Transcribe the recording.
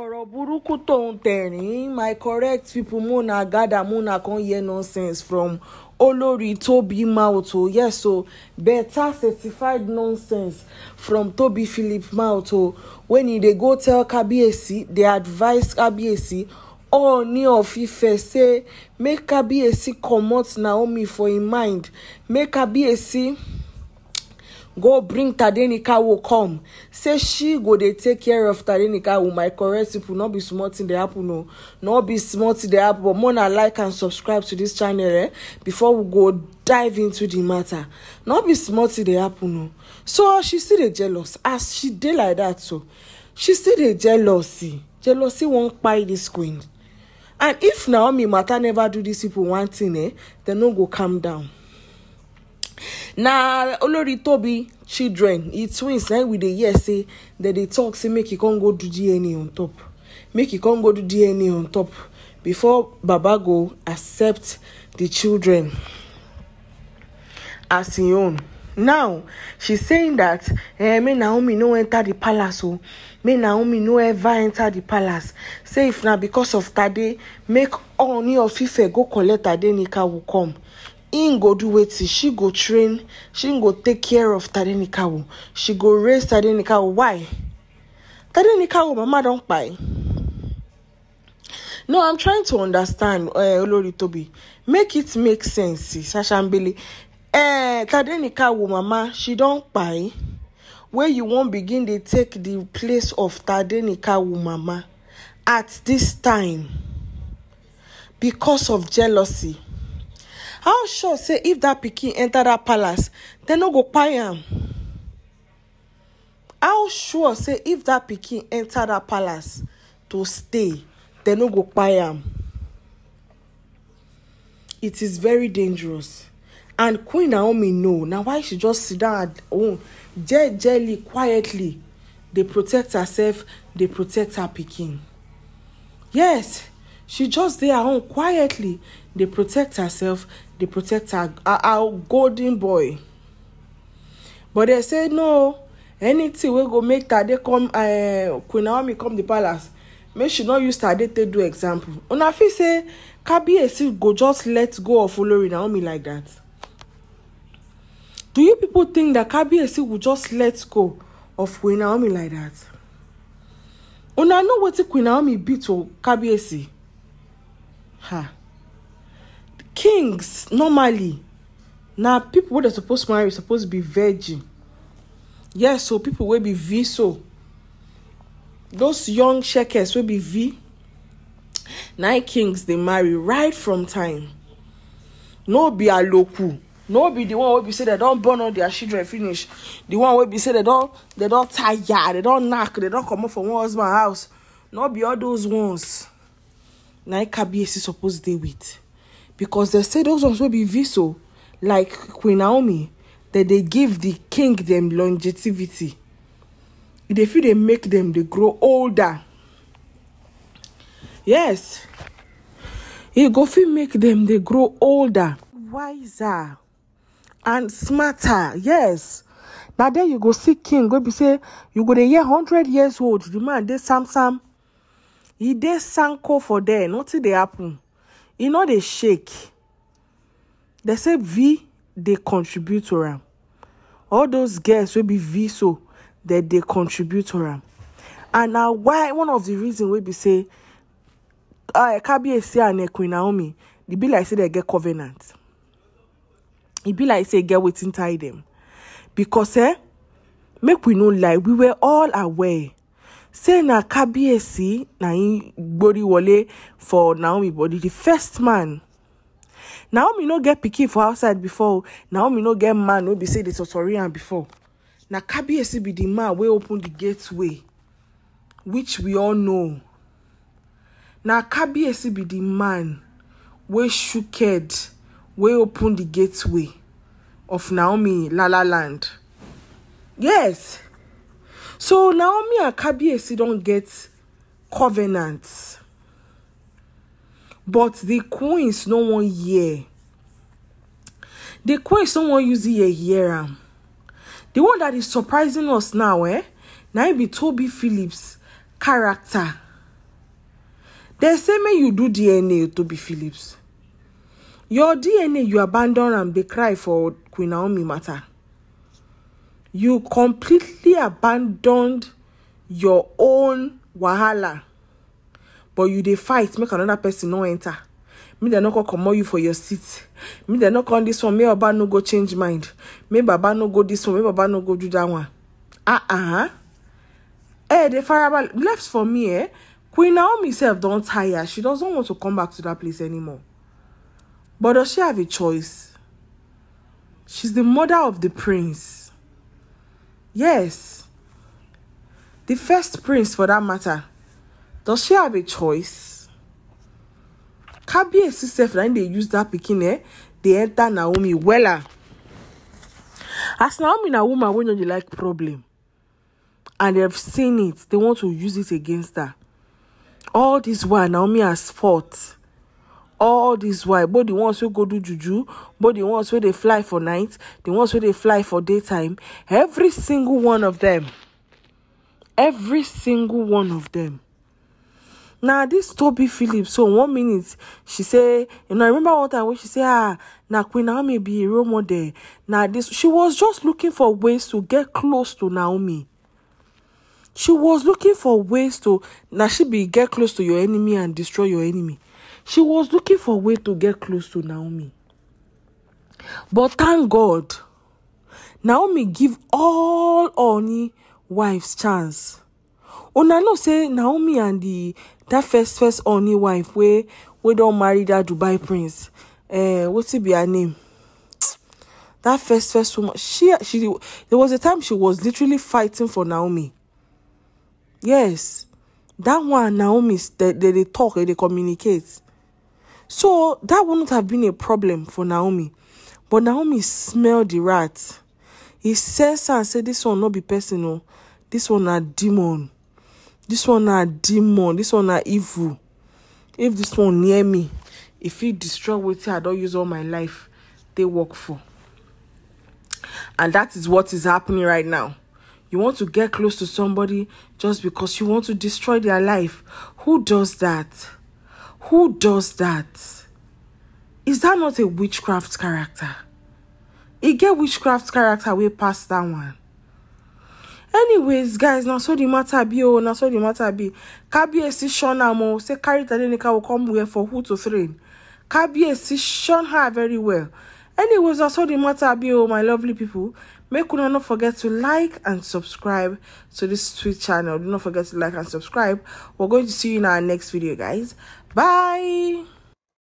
ọ̀rọ̀ burúkú tóun tẹ̀rín my correct people muna gather muna come hear nonsense from olórí Tobi mouth yes o better certified nonsense from Tobi Philip mouth when he dey go tell Kabiyesi dey advise Kabiyesi Ooni of Ife say make Kabiyesi comot Naomi for im mind make Kabiyesi go bring will come say she go dey take care of tadenikawo oh my correct people no be small thing dey happen o no be small thing dey happen but more na like and subscribe to this channel eh before we go dive into the matter no be small thing dey happen o so she still dey jealous as she dey like that so she still dey jealousy jealousy wan kpai this queen and if naomi matter never do this, people one thing eh dem no go calm down na olori tobi children e twins na eh, we dey hear say dem dey talk say make e come go do dna on top make e come go do dna on top before baba go accept the children as im e own now she's saying that eh, make naomi no enter the palace o oh. make naomi no ever enter the palace say if na because of tade make ooni of ife go collect adenika will come im go do wetin she go train she go take care of tadenikawo she go raise tadenikawo why tadenikawo mama don kpai no i'm trying to understand uh, olori tobi make it make sense sasambele uh, eh, tadenikawo mama she don kpai wey you wan begin dey take the place of tadenikawo mama at this time because of jealousy how sure say if that pikin enter that palace dem no go kpai am how sure say if that pikin enter that palace to stay dem no go kpai am it is very dangerous and queen naomi know na why she just sit down at home jejely quietly dey protect herself dey protect her pikin yes she just dey her home quietly They protect herself They protect her, her her golden boy but they say no anything we go make tade come uh, queen naomi come the palace make she not use tade take do example una feel say kabiyesi go just let go of olori naomi like that do you people think that kabiyesi will just let go of queen naomi like that una know what queen naomi beat to kabiyesi ha kings normally na pipo wey dem suppose marry suppose be virgin yes so people wey be v so those young shekers wey be v nine kings dey marry right from time no be aloku no be the one wey be say dem don born all their children finish the one wey be say dem don dem don tire dem don knack dem don comot from one husband house no be all those ones na kabiyesi suppose dey with because they say those ones will be visa like queen naomi that they give the king them longevity they feel they make them they grow older yes you go fit make them they grow older wiser and smarter yes Now then you go see king go be say you go dey hear hundred years old the man dey sam sam he dey sanko for there nothing they happen e no dey shake dey say v dey contribute to am all those girls wey be v so dem dey contribute to am and na why one of the reason wey be say uh, kabiyesi and queen naomi e be like say dem get covenant e be like say e get wetin tie dem because eh make we no lie we were all aware say na kabiyesi na him gbori wole for naomi body the first man naomi no get pikin for outside before naomi no get man no be say dey totori am before na kabiyesi be the man wey open the gateway which we all know na kabiyesi be the man wey shook head wey open the gateway of naomi lalaland yes So Naomi and Kabiesi don't get covenants. But the queens no one hear. The queens no one use ear hear am. The one that is surprising us now, eh? Na be Toby Phillips character. They say may you do DNA Toby Phillips. Your DNA you abandon and be cry for Queen Naomi matter. you completely abandoned your own wahala but you dey fight make another person no enter Me dem no come comot you for your seat Me dem no come this one me baba no go change mind make baba no go this one make baba no go do that one ah uh ah -uh. eh the fireball left for me eh Queen Naomi do don tire she doesn't want to come back to that place anymore but does she have a choice she's the mother of the prince Yes. The first prince, for that matter. Does she have a choice? Kabiyesi sef na they use that pikin eh they enter Naomi wella. As Naomi a woman wey no dey like problem and dem seen it, they want to use it against her. All this while Naomi has fought all these while both the ones wey go do juju both the ones wey dey fly for night The ones wey dey fly for daytime every single one of them. every single one of them. na this toby phillips so one minute she say you know i remember one time when she say ah na queen naomi be a role model na this she was just looking for ways to get close to naomi she was looking for ways to na she be get close to your enemy and destroy your enemy she was looking for a way to get close to Naomi. But thank God, Naomi give all Oni wives chance. Una no say Naomi and the that first first Oni wife where we don't marry that Dubai prince. Eh, what's it be her name? That first first woman. She she there was a time she was literally fighting for Naomi. Yes, that one Naomi they they, they talk they communicate. So that wouldn't have been a problem for Naomi. But Naomi smelled the rat. He says and said, This one not be personal. Oh. This one a demon. This one a demon. This one a evil. If this one near me, if he destroy what I don't use all my life, they work for. And that is what is happening right now. You want to get close to somebody just because you want to destroy their life. Who does that? Who does that? Is that not a witchcraft character? E get witchcraft character way pass that one. Anyways, guys, na so the matter be oh, na so the matter be. is shown now. Mo say carry Tadeneka will come where for who to train. is shown her very well. Anyways, na so the matter be oh, my lovely people. Make una not forget to like and subscribe to this Twitch channel. Do not forget to like and subscribe. We're going to see you in our next video, guys. Bye.